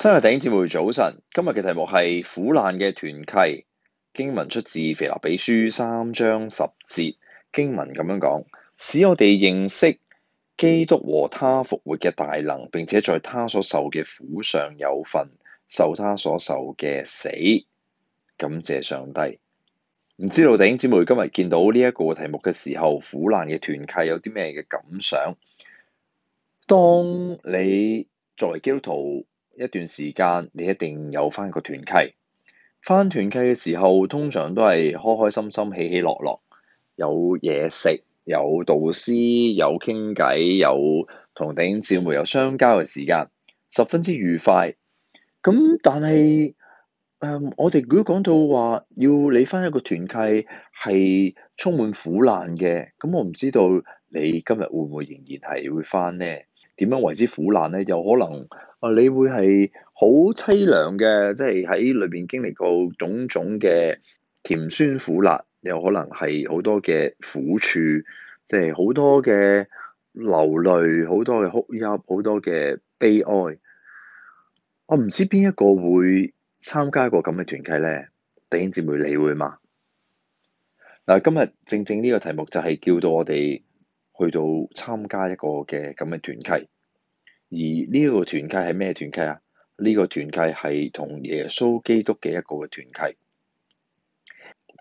親愛嘅弟兄姊妹早晨，今日嘅題目係苦難嘅團契，經文出自《腓立比書》三章十節，經文咁樣講，使我哋認識基督和他復活嘅大能，並且在他所受嘅苦上有份，受他所受嘅死。感謝上帝，唔知道弟兄姊妹今日見到呢一個題目嘅時候，苦難嘅團契有啲咩嘅感想？當你作為基督徒。一段時間，你一定有返個團契。返團契嘅時候，通常都係開開心心、起起落落，有嘢食，有導師，有傾偈，有同頂姊妹有相交嘅時間，十分之愉快。咁但係、呃，我哋如果講到話要你返一個團契係充滿苦難嘅，咁我唔知道你今日會唔會仍然係會返呢？點樣為之苦難咧？有可能啊，你會係好淒涼嘅，即係喺裏邊經歷過種種嘅甜酸苦辣，又可能係好多嘅苦處，即係好多嘅流淚，好多嘅哭泣，好多嘅悲哀。我唔知邊一個會參加過咁嘅團契咧？弟兄姊妹，你會嘛？嗱，今日正正呢個題目就係叫到我哋。去到參加一個嘅咁嘅團契，而呢個團契係咩團契啊？呢個團契係同耶穌基督嘅一個嘅團契。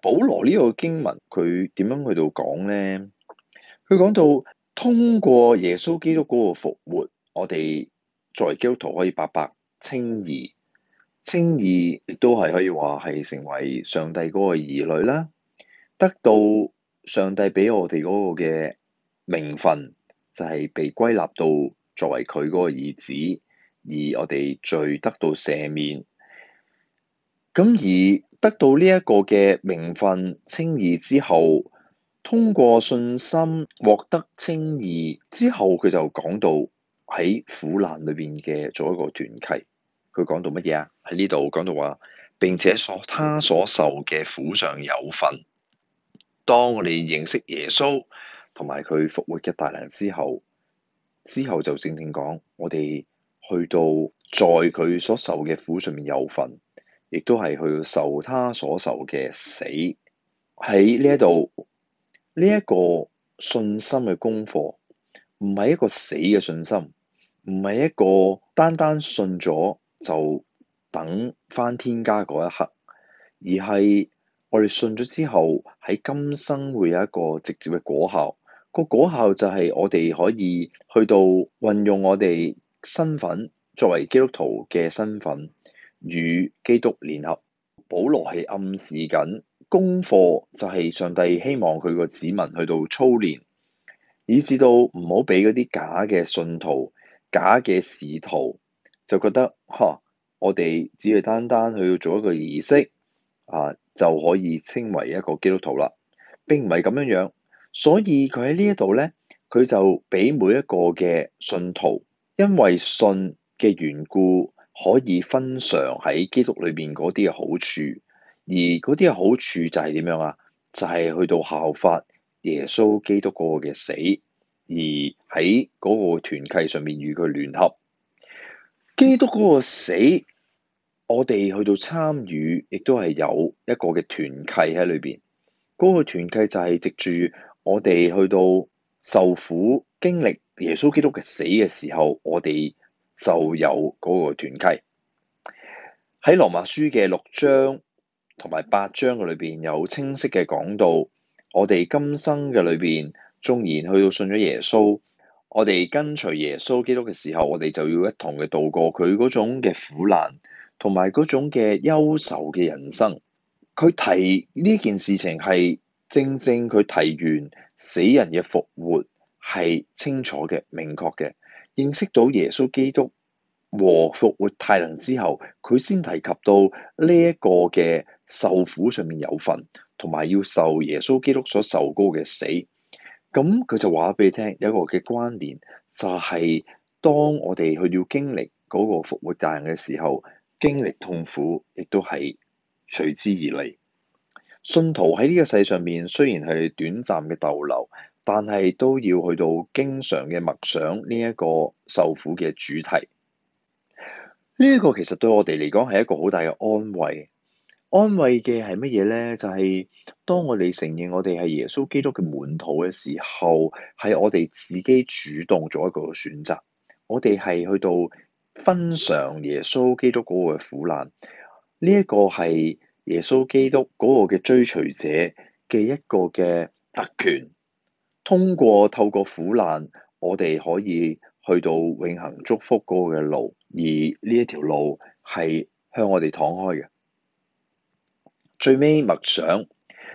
保羅呢個經文佢點樣去到講咧？佢講到通過耶穌基督嗰個復活，我哋作為基督徒可以白白稱義，稱義亦都係可以話係成為上帝嗰個兒女啦，得到上帝俾我哋嗰個嘅。名分就係被歸納到作為佢嗰個兒子，而我哋罪得到赦免。咁而得到呢一個嘅名分，稱義之後，通過信心獲得稱義之後，佢就講到喺苦難裏邊嘅做一個團契。佢講到乜嘢啊？喺呢度講到話，並且所他所受嘅苦上有份。當我哋認識耶穌。同埋佢復活嘅大能之後，之後就正正講，我哋去到在佢所受嘅苦上面有份，亦都係去受他所受嘅死。喺呢一度，呢一個信心嘅功課，唔係一個死嘅信心，唔係一個單單信咗就等返天家嗰一刻，而係我哋信咗之後，喺今生會有一個直接嘅果效。個果效就係我哋可以去到運用我哋身份，作為基督徒嘅身份與基督聯合。保羅係暗示緊，功課就係上帝希望佢個子民去到操練，以至到唔好俾嗰啲假嘅信徒、假嘅使徒就覺得嚇我哋只係單單去做一個儀式啊，就可以稱為一個基督徒啦，並唔係咁樣樣。所以佢喺呢一度咧，佢就俾每一個嘅信徒，因為信嘅緣故，可以分享喺基督裏邊嗰啲嘅好處。而嗰啲嘅好處就係點樣啊？就係、是、去到效法耶穌基督嗰個嘅死，而喺嗰個團契上面與佢聯合。基督嗰個死，我哋去到參與，亦都係有一個嘅團契喺裏邊。嗰、那個團契就係藉住。我哋去到受苦經歷耶穌基督嘅死嘅時候，我哋就有嗰個團契。喺羅馬書嘅六章同埋八章嘅裏邊，有清晰嘅講到，我哋今生嘅裏邊，縱然去到信咗耶穌，我哋跟隨耶穌基督嘅時候，我哋就要一同嘅度過佢嗰種嘅苦難，同埋嗰種嘅憂愁嘅人生。佢提呢件事情係。正正佢提完死人嘅復活係清楚嘅、明確嘅，認識到耶穌基督和復活大能之後，佢先提及到呢一個嘅受苦上面有份，同埋要受耶穌基督所受高嘅死。咁佢就話俾你聽，有一個嘅關聯就係、是、當我哋去要經歷嗰個復活大能嘅時候，經歷痛苦亦都係隨之而嚟。信徒喺呢個世上面雖然係短暫嘅逗留，但係都要去到經常嘅默想呢一個受苦嘅主題。呢、這、一個其實對我哋嚟講係一個好大嘅安慰。安慰嘅係乜嘢咧？就係、是、當我哋承認我哋係耶穌基督嘅門徒嘅時候，係我哋自己主動做一個選擇。我哋係去到分享耶穌基督嗰個嘅苦難。呢、這、一個係。耶穌基督嗰個嘅追隨者嘅一個嘅特權，通過透過苦難，我哋可以去到永恆祝福嗰個嘅路，而呢一條路係向我哋敞開嘅。最尾默想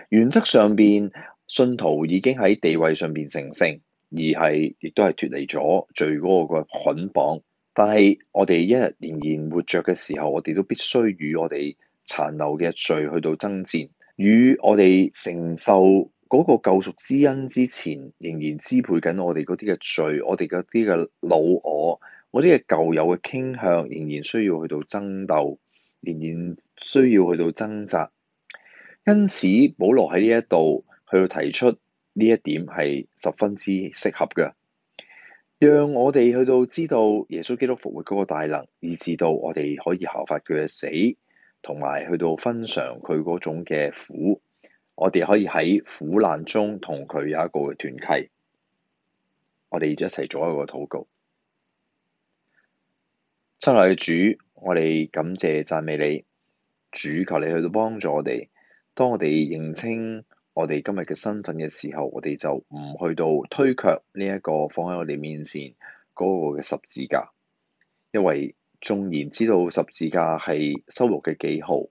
原則上邊，信徒已經喺地位上邊成聖，而係亦都係脫離咗罪嗰個嘅捆綁。但係我哋一日仍然活着嘅時候，我哋都必須與我哋。殘留嘅罪去到爭戰，與我哋承受嗰個救贖之恩之前，仍然支配緊我哋嗰啲嘅罪，我哋嗰啲嘅老我，我哋嘅舊有嘅傾向，仍然需要去到爭鬥，仍然需要去到掙扎。因此，保羅喺呢一度去到提出呢一點係十分之適合嘅，讓我哋去到知道耶穌基督復活嗰個大能，以至到我哋可以效法佢嘅死。同埋去到分享，佢嗰種嘅苦，我哋可以喺苦難中同佢有一個團契，我哋一齊做一個禱告。親愛嘅主，我哋感謝讚美你，主求你去到幫助我哋。當我哋認清我哋今日嘅身份嘅時候，我哋就唔去到推卻呢一個放喺我哋面前嗰個嘅十字架，因為，縱然知道十字架係羞辱嘅記號，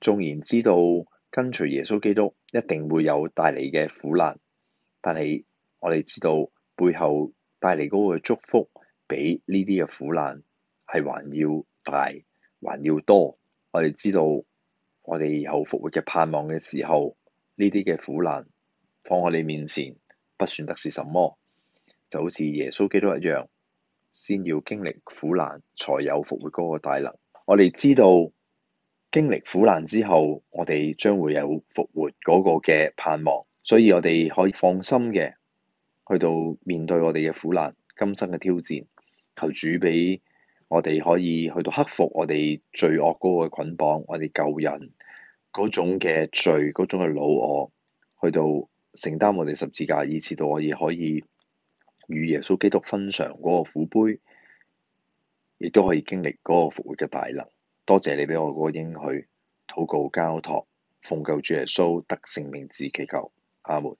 縱然知道跟隨耶穌基督一定會有帶嚟嘅苦難，但係我哋知道背後帶嚟嗰個祝福比呢啲嘅苦難係還要大，還要多。我哋知道我哋有復活嘅盼望嘅時候，呢啲嘅苦難放喺你面前不算得是什麼，就好似耶穌基督一樣。先要經歷苦難，才有復活嗰個大能。我哋知道經歷苦難之後，我哋將會有復活嗰個嘅盼望，所以我哋可以放心嘅去到面對我哋嘅苦難、今生嘅挑戰，求主俾我哋可以去到克服我哋罪惡嗰個捆綁，我哋舊人嗰種嘅罪、嗰種嘅老我，去到承擔我哋十字架，以至到我哋可以。與耶穌基督分享嗰個苦杯，亦都可以經歷嗰個復活嘅大能。多謝你畀我嗰個應許，禱告交託，奉救主耶穌得勝名字祈求，阿門。